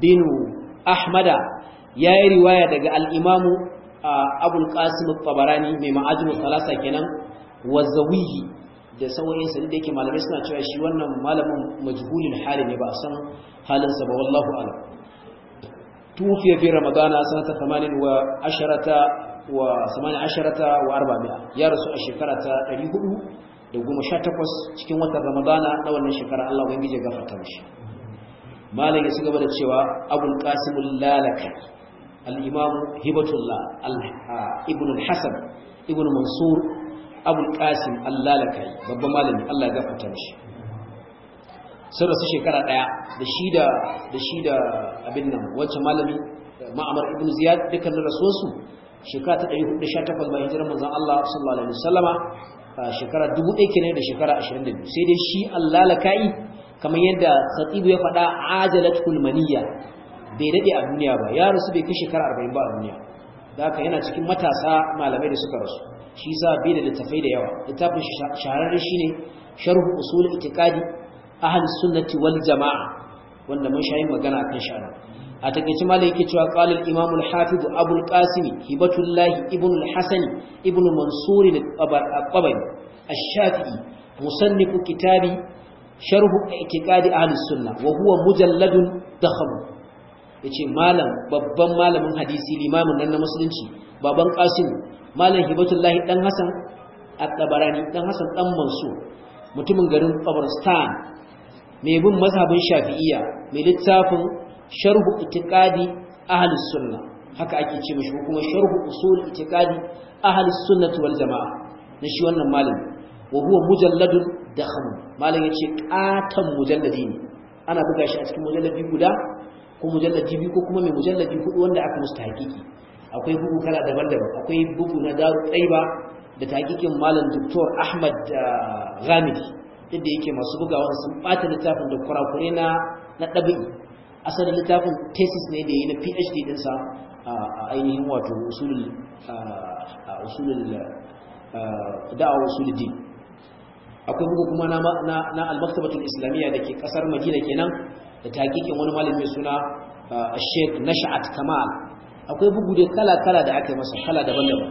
bin ahmada yayi riwaya daga al-imam abul qasim at-tabarani mai ma'ajmu salasa kenan wa zawihi da sauyin sa da ke malamai suna cewa shi wannan malamin majhulin hali ne ba a san halinsa ba wallahu ala tufiya bi ramadana sanata 18 wa 10 wa 18 wa 400 ya rasu a shekara ta 418 cikin watan ramadana na wannan shekara Allah ubangiji ya gafarta mishi malam ya gaba da cewa abul qasim lalaka al-imam hibatullah ibn al-hasan ibn mansur abul qasim ka'i babban malami Allah ya gafarta mishi sun rasu shekara ɗaya da shi da da shi da abin nan wancan malami ma'amar ibn ziyad dukkanin rasuwarsu shekara ta sha 418 bayan hijirar manzon Allah sallallahu alaihi wasallama shekara dubu ɗaya kenan da shekara ashirin da biyu. sai dai shi ka'i kamar yadda khatibu ya faɗa ajalat kulmaniya bai daɗe a duniya ba ya rasu bai kai shekara arba'in ba a duniya da haka yana cikin matasa malamai da suka rasu shi sa bi da littafai da yawa littafin shi shine sharhu usul itikadi ahlus sunnati wal jamaa wanda mun shayi magana kan shara. a takeici malai yake cewa qala al imam al hafiz abu al qasim hibatullah ibn al hasan ibn mansur al qabri al shafi'i musannif kitabi sharhu i'tiqadi ahlus sunna wa huwa mujalladun dakhal yace malam babban malamin hadisi limamin nan na musulunci baban qasim malam hibatullahi Ɗan hasan at-tabarani dan hasan dan mansur mutumin garin qabristan mai bin mazhabin shafi'iyya mai littafin sharhu itikadi ahalus sunna haka ake ce mishi kuma sharhu usul itikadi ahalus sunnati wal jamaa na shi wannan malam wa huwa mujalladun dakhm malam yace katan mujalladi ne ana buga shi a cikin mujalladi guda ko mujalladi biyu ko kuma mai mujalladi hudu wanda aka musta hakiki akwai bugu kala daban-daban akwai bugu na daru tsaiba da takikin malam doktor ahmad ah, ghamidi duk yake masu bugawa sun bata littafin da kurakure na na ɗabi'i asalin littafin tesis ne da yi na phd dinsa ah, a ainihin wato usulul ah, usulul da'awa usulul din akwai bugu kuma na na al-maktabatul islamiyya dake kasar madina kenan da takikin wani malamin mai suna Sheikh Nash'at Kamal akwai bugu da kala-kala da aka yi masa kala daban-daban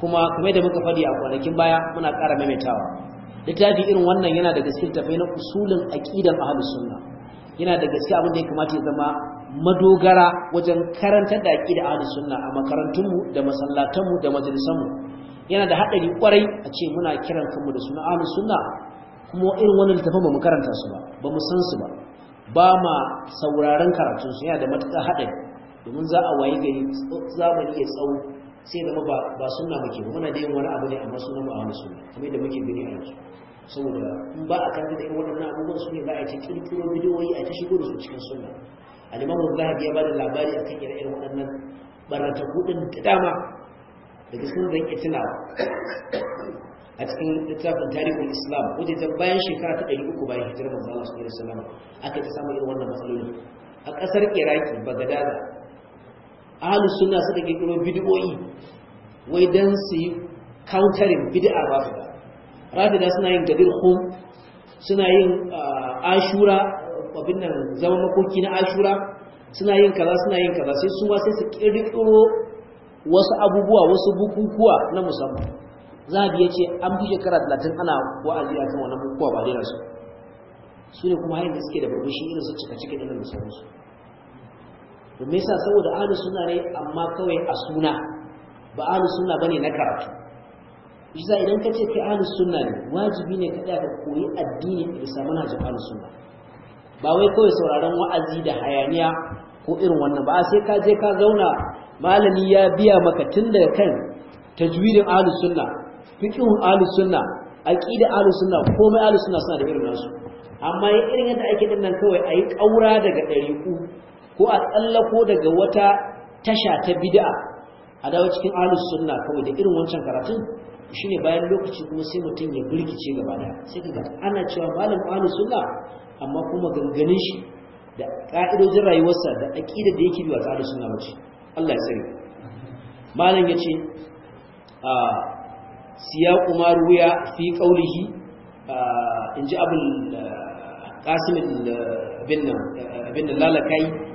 kuma kamar da muka faɗi a kwanakin baya muna ƙara maimaitawa littafi irin wannan yana da gaske tafai na usulin aqidan ahlus sunna yana da gaske abin da ya kamata ya zama madogara wajen karantar da aqida ahlus sunna a makarantunmu da masallatanmu da majalisanmu yana da hadari kwarai a ce muna kiran kanmu da sunna ahlus sunna kuma irin wannan littafin ba mu karanta su ba ba mu san su ba ba ma sauraron karatun su yana da matuƙar haɗari. domin za a wayi gari zamani ya tsawo sai zama ba suna muke ba muna da yin wani abu ne amma suna mu a wani suna kamar yadda muke gani a yanzu saboda in ba a da irin waɗannan abubuwan su ne za a ci kirkiro bidiyoyi a ta shigo da su cikin suna alimamu zahabi ya ba da labari a kan irin waɗannan barata kudin ta dama daga sun zan iya tunawa a cikin littafin tarihin islam wajen ta bayan shekara ta ɗari uku bayan hijirar manzo Allah sallallahu alaihi wasallam aka ta samu irin wannan matsaloli a ƙasar iraki bagadaza ahalus sunna suka kirkiro bid'o'i wai dan su yi countering bid'a rafida rafida suna yin gadir khum suna yin ah, ashura abin nan zaman makoki na ashura suna yin kaza suna yin kaza sai su ma sai su kirkiro wasu abubuwa wasu bukukuwa na musamman zabi yace an bi shekara 30 ana wa'azi akan wannan bukukuwa ba dai su su ne kuma hayin da suke da shi irin su cika cikin da musamman da to me yasa saboda ahli sunna ne amma kawai a suna ba ahli sunna bane na karatu isa idan ka ce kai ahli sunna ne wajibi ne ka ka koyi addini da samana ji ahli sunna ba wai kawai sauraron wa'azi da hayaniya ko irin wannan ba sai ka je ka zauna malami ya biya maka tun daga kan tajwidin ahli sunna fiqhun ahli sunna aqida ahli sunna komai ahli sunna suna da irin nasu amma irin yadda ake dinnan kawai ayi kaura daga uku. ko a tsallako daga wata tasha ta bid'a a dawo cikin ahlus sunna kawai da irin wancan karatun shine bayan lokaci kuma sai mutum ya birkice gaba da sai kaga ana cewa malam ahlus sunna amma kuma ganganin shi da ka'idojin rayuwarsa da aqidar da yake bi wa ahlus sunna mace Allah ya sani malam yace a kuma ruwa fi qawlihi inji abul qasim bin bin lalakai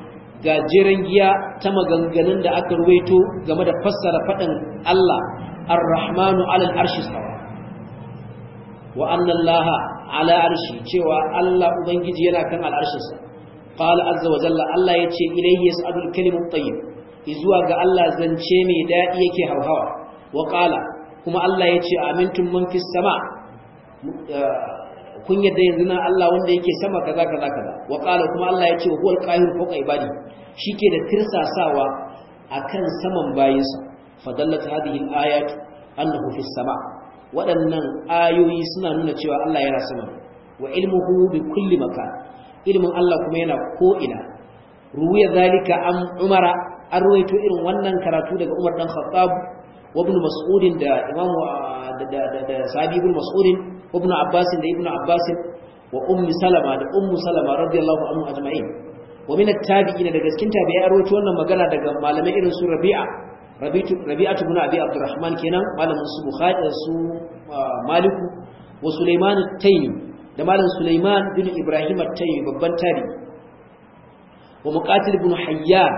Gajeren giya ta maganganun da aka ruwaito game da fassara faɗin Allah ar-rahmanu alal arshi sawa wa anna ala arshi cewa Allah ubangiji yana kan al'arshinsa qala azza wa jalla Allah yace ilayhi yas'adu al tayyib izuwa ga Allah zance mai dadi yake hawhawa wa qala kuma Allah yace amintum man fis sama kun yadda yanzu na Allah wanda yake sama kaza kaza kaza wa qala kuma Allah ya ce wa huwal qahir fawqa ibadi shike da tirsasawa akan saman bayinsa fadallat hadhihi al-ayat annahu fis sama waɗannan ayoyi suna nuna cewa Allah yana sama wa ilmuhu bi kulli makan ilmin Allah kuma yana ko'ina. ina ya zalika an umara an ruwaito irin wannan karatu daga Umar dan Khattab wa ibn Mas'ud da Imam da da da ibn abbas da ibn abbas wa ummi salama da ummu salama radiyallahu anhu ajma'in wa min at-tabi'in daga cikin tabi'ai arwato wannan magana daga malamai irin su rabi'a rabi'atu rabi'atu ibn abi abdurrahman kenan malamin su bukhari su ah, maliku wa sulaiman at-taymi da malam Sulaiman bin Ibrahim at-Tayyi babban tabi'i wa Muqatil ibn Hayyan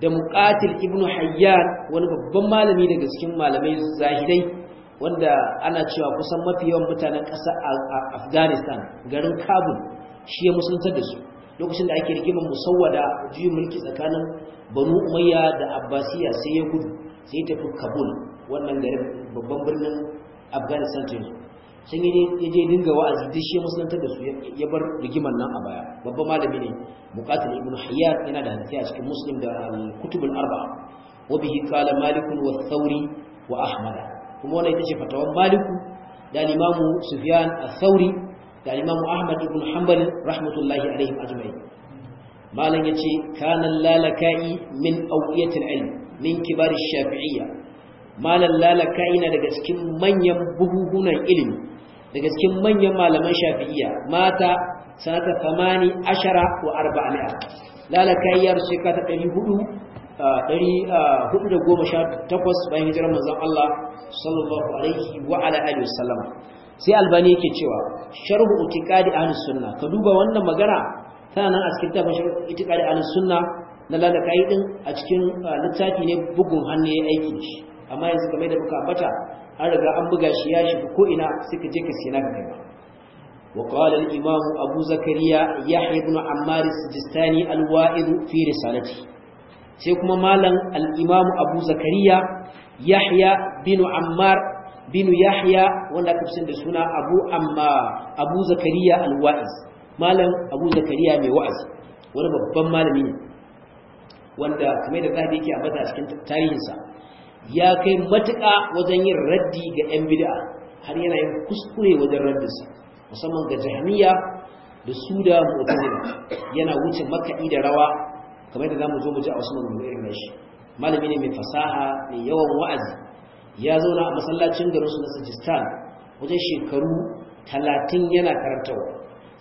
da Muqatil ibn Hayyan wani babban malami daga cikin malamai zahidai wanda ana cewa kusan mafi yawan mutanen a afghanistan garin kabul shi ya musulunta da su lokacin da ake rigimar musawwada juyin mulki tsakanin banu umayya da abbasiya sai ya gudu sai tafi kabul wannan garin babban birnin afghanistan ta yanzu sun yi ya je dinga wa'azi duk shi ya musulunta da su ya bar rigimar nan a baya babban malami ne bukatar ibn hayyat yana da hadisi a cikin muslim da al arbaa wa bihi qala malik wa thawri wa ahmad kuma wannan ita ce fatawan maliku da limamu sufyan al-thauri da limamu ahmad ibn hanbal rahmatullahi alaihim ajmai malam yace kana lalaka'i min awiyatil ilm min kibar shafi'iyya malam lalaka'i na daga cikin manyan buhuhunan ilimi daga cikin manyan malaman shafi'iyya mata sanata 18 wa 400 lalaka'i ya ɗari 400 418 bayan hijirar manzon Allah sallallahu alaihi wa ala alihi wasallam sai albani yake cewa sharhu itiqadi ahlus sunna ka duba wannan magana tana nan a cikin tafin sharhu itiqadi ahlus sunna na lalakai din a cikin littafi ne bugun hannu ya aiki shi amma yanzu mai da buka bata an riga an buga shi ya shiga ko ina suka je ka siya naka kai وقال الإمام أبو زكريا يحيى بن sijistani al wa'id fi risalati sai kuma malam Alimamu abu zakariya yahya Binu ammar Binu yahya wanda aka da suna abu amma abu zakariya al-wa'iz malam abu zakariya mai wa'azi wani babban malami ne wanda kamar da zabi yake ambata a cikin tarihinsa ya kai matuƙa wajen yin raddi ga 'yan bid'a har yana yin kuskure wajen raddinsa musamman ga jahmiya da su da mutane yana wuce maka'i da rawa kamar yadda zamu zo mu ji a wasu maganganu irin nashi malami ne mai fasaha mai yawan wa'azi ya zauna a masallacin garin su na Sajistan wajen shekaru talatin yana karantawa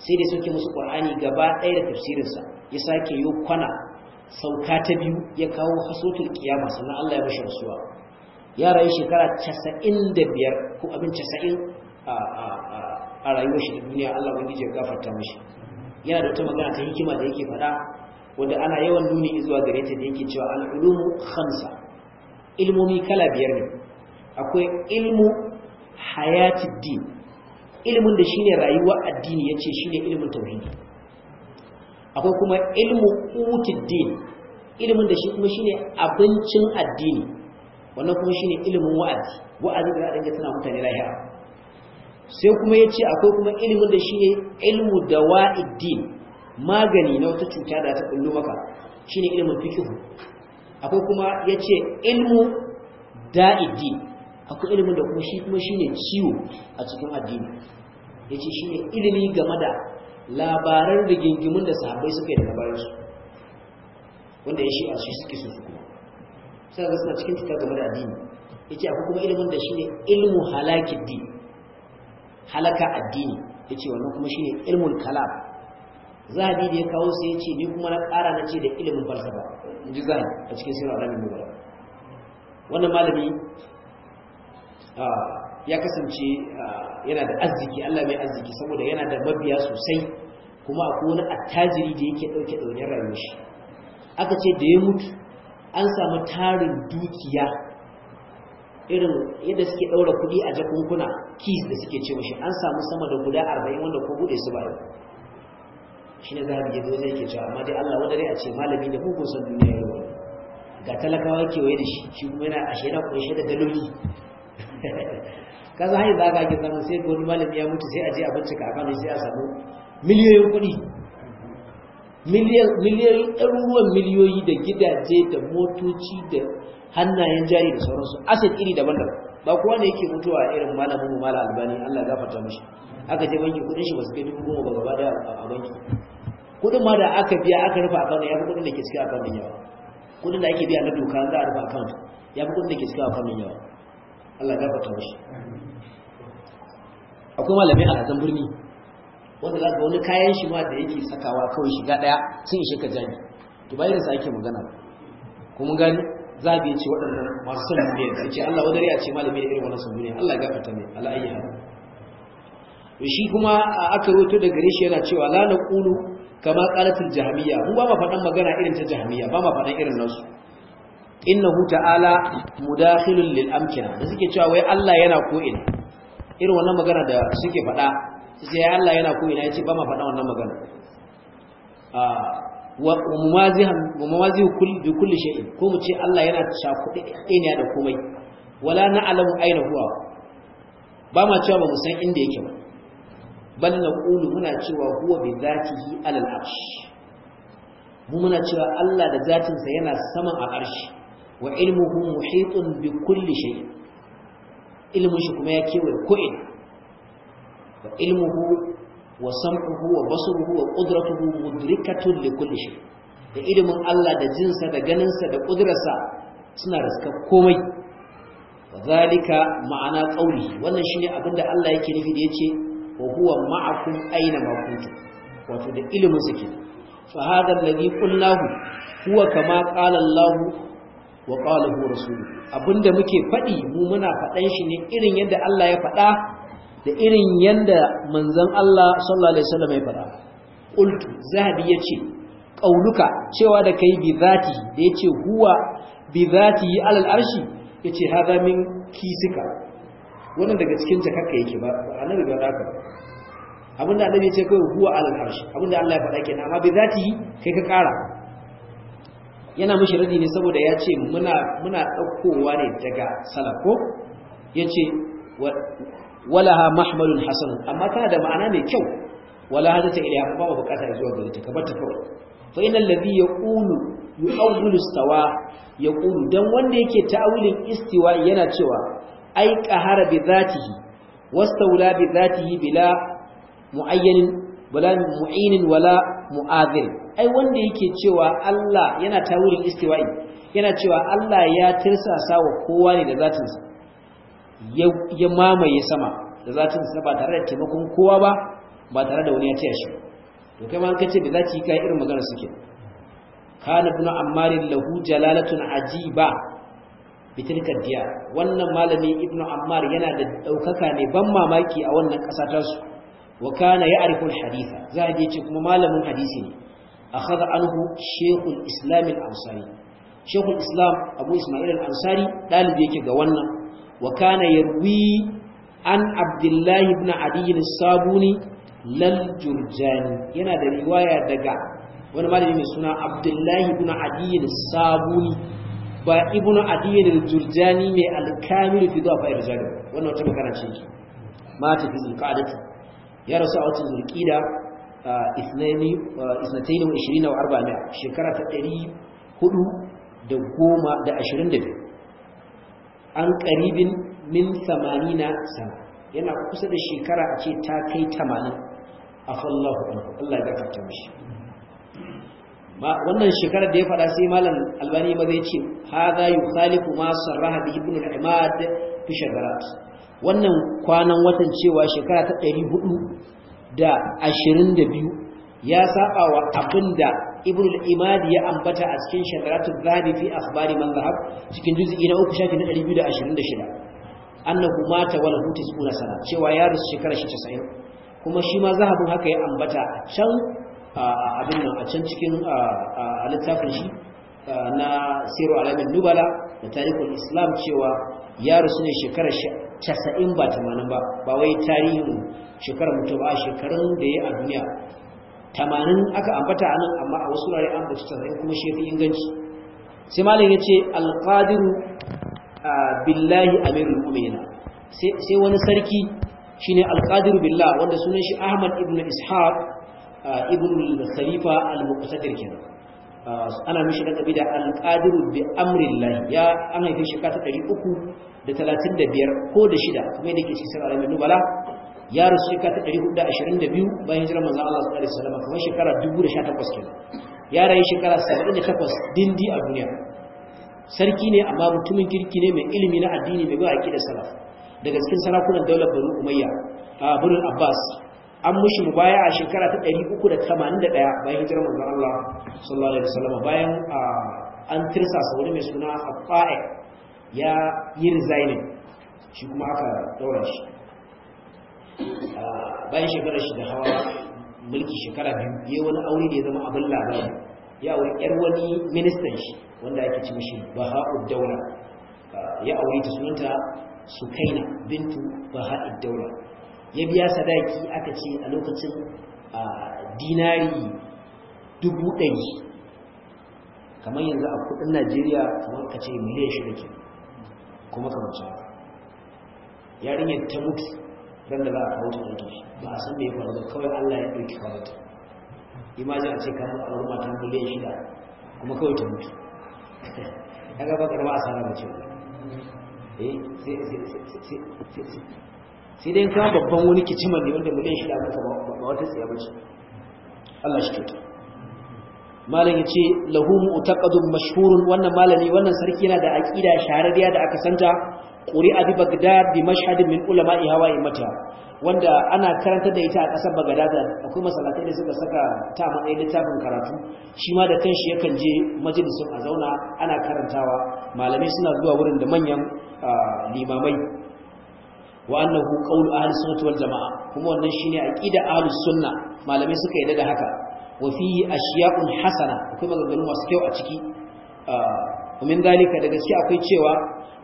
sai dai suke musu Qur'ani gaba ɗaya da tafsirinsa ya sake yi kwana sauka ta biyu ya kawo hasotul kiyama sannan Allah ya bashi rasuwa ya rayu shekara 95 ko abin 90 a rayuwar shi da duniya Allah ubangiji ya gafarta mishi yana da wata magana ta hikima da yake faɗa wanda ana yawan nuni zuwa gare ta da yake cewa al'ulumu khamsa ilmomi kala biyar ne akwai ilmu hayati din ilmin da shine rayuwa addini yace shine ilmin tauhidi akwai kuma ilmu utid din ilmin da shi kuma shine abincin addini wannan kuma shine ilmin wa'azi wa'azi da dinga tana mutane lahira sai kuma yace akwai kuma ilmin da shine ilmu dawa'id din magani na wata cuta da ta kullu maka shine ilmin fikihu akwai kuma yace ilmu da'idi akwai ilmin da kuma shi kuma shine ciwo a cikin addini yace shine ilimi game da labaran rigingimun da sahabbai suka yi da bayan su wanda ya shi a shi suke su kuma sai ga suna cikin cuta game da addini yace akwai kuma ilimin da shine ilmu halakiddi halaka addini yace wannan kuma shine ilmul kalam zabi da ya kawo sai ya ce ni kuma na ƙara na ce da ilimin falsafa in ji zahabi a cikin sirar alamin mubara wannan malami ya kasance yana da arziki Allah mai arziki saboda yana da mabiya sosai kuma a a attajiri da yake ɗauke ɗauniyar rayuwar shi aka ce da ya mutu an samu tarin dukiya irin yadda suke ɗaura kuɗi a jakunkuna kis da suke ce mashi an samu sama da guda arba'in wanda ko buɗe su bayan shi ne mu gizo zai ke cewa amma dai Allah wanda dai a ce malami da mugun san duniya yau ga talakawa kewaye da shi shi kuma yana ashe na kunshe da daloli kaza hayi za ka ki samu sai ko malami ya mutu sai a je a bincika a kan sai a samu miliyoyin kuɗi miliyoyin ɗaruruwan miliyoyi da gidaje da motoci da hannayen jari da sauransu asset iri daban-daban ba kowa ne yake mutuwa irin malamin mu mala albani Allah ya gafarta mishi aka je banki kudin shi ba su kai dubu goma ba gaba daya a banki kudin ma da aka biya aka rufa akan ya fi kudin da ke cikin akan din yawa kudin da ake biya na doka za a rufe akan ya fi kudin da ke cikin akan din yawa Allah ya gafarta mishi akwai malamai a hazan birni wanda za ka wani kayan shi ma da yake sakawa kawai shiga daya sun ishe ka jani to ba irin sa ake magana kuma gani za a ce waɗannan masu son duniya su ce Allah wadari a ce malami da irin wannan son duniya Allah ya gafarta mai ala'ayyar shi kuma aka roto da gare shi yana cewa la Kulu. kama qalatul jahmiya mu ba ma fadan magana irin ta jahmiya ba ma fadan irin nasu innahu ta'ala mudakhilun lil amkina da suke cewa wai Allah yana ko ina irin wannan magana da suke fada sai Allah yana ko ina yace ba ma fadan wannan magana a wa mumazihan mumazihu kulli kulli shay'in ko mu ce Allah yana shakuɗe ina da komai wala na'lamu aina huwa ba ma cewa ba mu san inda yake ba bal naqulu muna cewa huwa bi zatihi alal arsh mu muna cewa Allah da zatinsa yana saman a arshi wa ilmuhu muhitun bi kulli shay ilmun shi kuma ya kewaye ko'in, wa ilmuhu wa sam'uhu wa basuruhu wa qudratuhu mudrikatun li kulli shay da ilimin Allah da jinsa da ganinsa da kudrarsa suna raskar komai wa zalika ma'ana qauli wannan shine abinda Allah yake nufi da yace wa huwa ma'akum aina ma wato da ilimin suke? kenan fa hadha alladhi huwa kama qala Allah wa qala hu rasul abinda muke fadi mu muna fadan shi ne irin yadda Allah ya fada da irin yadda manzon Allah sallallahu alaihi wasallam ya fada qultu zahabi yace qauluka cewa da kai bi zati da yace huwa bi zati alal arshi yace hadha min kisika wannan daga cikin jakakka yake ba annabi bai faɗa ka ba abinda annabi ya ce kai huwa alal arshi abinda Allah ya faɗa kenan amma bai zati kai ka ƙara yana mishi radi ne saboda ya ce muna muna ɗaukowa ne daga salako ya ce walaha mahmalun hasan amma tana da ma'ana mai kyau wala hadata ilaiha ba bukata zuwa gare ta kamar ta kawai fa inal ladhi yaqulu yu'awwilu istawa yaqulu dan wanda yake ta'awilin istiwa yana cewa ai qahara bi zatihi wastawla bi zatihi bila muayyanin wala mu'inin wala mu'adhil ai wanda yake cewa Allah yana tawurin istiwa'i yana cewa Allah ya tirsasa wa kowa ne da zatinsa ya mamaye sama da zatinsa ba tare da taimakon kowa ba ba tare da wani ya taya shi to kai ma an kace da zaki kai irin magana suke kana ibn ammar lahu jalalatun ba. bitilkar diya wannan malami ibnu ammar yana da daukaka ne ban mamaki a wannan kasa ta su wa kana ya'rifu al-haditha za ce kuma malamin hadisi ne akhadha anhu shaykhul islam al-ansari shaykhul islam abu isma'il al-ansari dalibi yake ga wannan wa kana yarwi an abdullahi ibn adi al-sabuni lal jurjani yana da riwaya daga wani malami mai suna abdullahi ibn adi al-sabuni ba ibnu adiyin al-jurjani mai al-kamil fi dhafa irjal wannan wata magana ce ki ta fi zulqadati ya rasu a zurki da isnani isnatayn wa 20 wa 400 shekara ta ɗari hudu da goma da ashirin da biyu, an ƙaribin min samani na sana yana kusa da shekara a ce ta kai tamanin, 80 afallahu Allah ya gafarta mishi wannan shekarar da ya faɗa sai malam albani ba zai ce hadha yukhalifu ma sarraha bihi ibn al-imad fi shagarat wannan kwanan watan cewa shekara ta 422 da ya saba wa abinda ibn al-imad ya ambata a cikin shagaratu zabi fi akhbari man zahab cikin juz'i na 3 shafi na 226 annahu mata wala hutis una sana cewa ya rusu shekara 90 kuma shi ma zahabin haka ya ambata can abin nan a can cikin littafin shi na siru alamin nubala da tarihin islam cewa ya rasu ne shekarar casa'in ba tamanin ba ba wai tarihin shekarar mutu ba shekarun da ya a duniya tamanin aka ambata anan nan amma a wasu rari ambata casa'in kuma shefi inganci sai malin ya ce alƙadiru billahi amirul umina sai wani sarki shine alƙadiru billah wanda sunan shi ahmad ibn ishaq ibn khalifa al-muqtadir kenan ana mishi da kabila al-qadir bi amrillah ya an haife shi ka ta 335 ko da shida kuma yake cikin sura al nubala ya rasu shekara ta 422 bayan hijirar manzon Allah sallallahu alaihi wasallam kamar shekara 2018 kenan ya rayu shekara 78 dindi a duniya sarki ne amma mutumin kirki ne mai ilimi na addini mai ba aqida salaf daga cikin sarakunan daular Banu Umayya a Banu Abbas an mushi mubaya a shekara ta 381 bayan hijirar manzon Allah sallallahu alaihi wasallam bayan an tirsa wani mai suna Afa'i ya yi rizaini shi kuma aka daura shi bayan shekarar shi da hawa mulki shekara biyu yayi wani aure da ya zama abin labari ya aure yar wani ministan shi wanda ake ci mishi Baha'ud Dawla ya aure ta sunanta Sukaina bintu Baha'ud Dawla ya biya sadaki aka ce a lokacin dinari dubu ɗari kamar yanzu a kudin najeriya kamar ka ce miliyan shi ke kuma kamar cewa yarinyar ta mutu don da za a kawo ta ba a san mai faru da kawai allah ya ɗauki kawo ta imajin a ce kamar a rumar ta miliyan da kuma kawai ta mutu ya gaba karba a sai-sai-sai. sai dai kuma babban wani kici ne wanda mulai shida maka ba wata tsaye bace Allah shi kyauta malam yace lahu mu'taqadun mashhurun wannan malami wannan sarki yana da aqida shahararriya da aka santa quri bi bagdad bi mashhad min ulama'i hawa'i mata wanda ana karanta da ita a kasar bagdad akwai masallatai da suka saka ta matsayin littafin karatu shi ma da kanshi yakan je majalisun a zauna ana karantawa malamai suna zuwa wurin da manyan ah, limamai wa annahu qawlu ahli sunnati jamaa kuma wannan shine aqida ahli sunna malamai suka yarda da haka wa fihi ashya'un hasana akwai maganganu masu kyau a ciki min dalika da gaske akwai cewa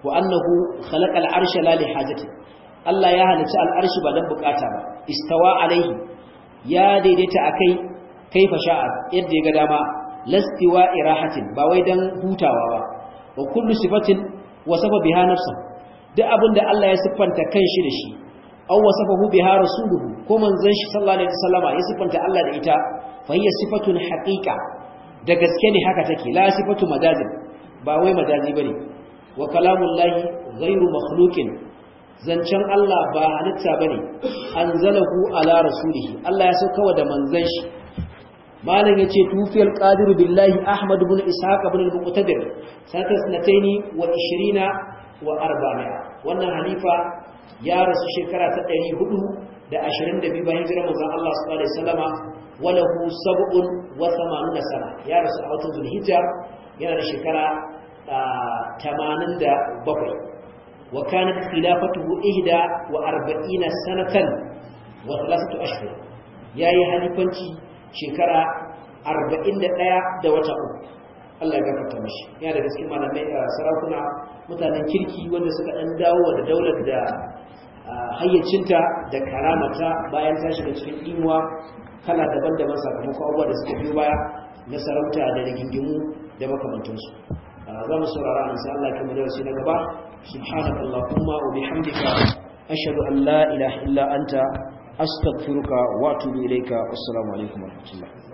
wa annahu khalaqa al arsha la li Allah ya halarci al ba dan bukata ba istawa alaihi ya daidaita akai kaifa sha'a yadda ya ga dama lastiwa irahatin ba wai dan hutawa ba wa kullu sifatin wa sababiha nafsuhu duk abin da Allah ya siffanta kanshi da shi aw wasafahu biha rasuluhu ko manzon shi sallallahu alaihi wasallama ya siffanta Allah da ita fa hiya sifatun haqiqa da gaske ne haka take la sifatu majazin ba wai majazi bane wa kalamullahi ghairu makhluqin zancen Allah ba halitta bane anzalahu ala rasulihi Allah ya sauka da manzon shi malam yace tufiyal qadir billahi ahmad ibn ishaq ibn al-muqtadir sanata 22 wa wa arba'in wannan hanifa ya rasu shekara ta 422 bayan hijirar manzon Allah sallallahu alaihi wasallama walahu sab'un wa 80 sana ya rasu a watan zulhijja yana da shekara 87 وكانت خلافته إهدى وأربعين سنة وثلاثة أشهر يا يهاني كنتي شكرا أربعين دقاء دوتا أم الله يغفر تمشي يا رب اسكي مانا سراكنا mutanen kirki wanda suka ɗan dawo da daular da hayyacinta da karamata bayan ta shiga cikin imuwa kala daban-daban sakamakon abubuwa da suka biyo baya na sarauta da rigingimu da makamantansu za mu saurara a Allah kan mu darasi na gaba subhanakallahumma wa bihamdika ashhadu an la ilaha illa anta astaghfiruka wa atubu ilayka assalamu alaikum wa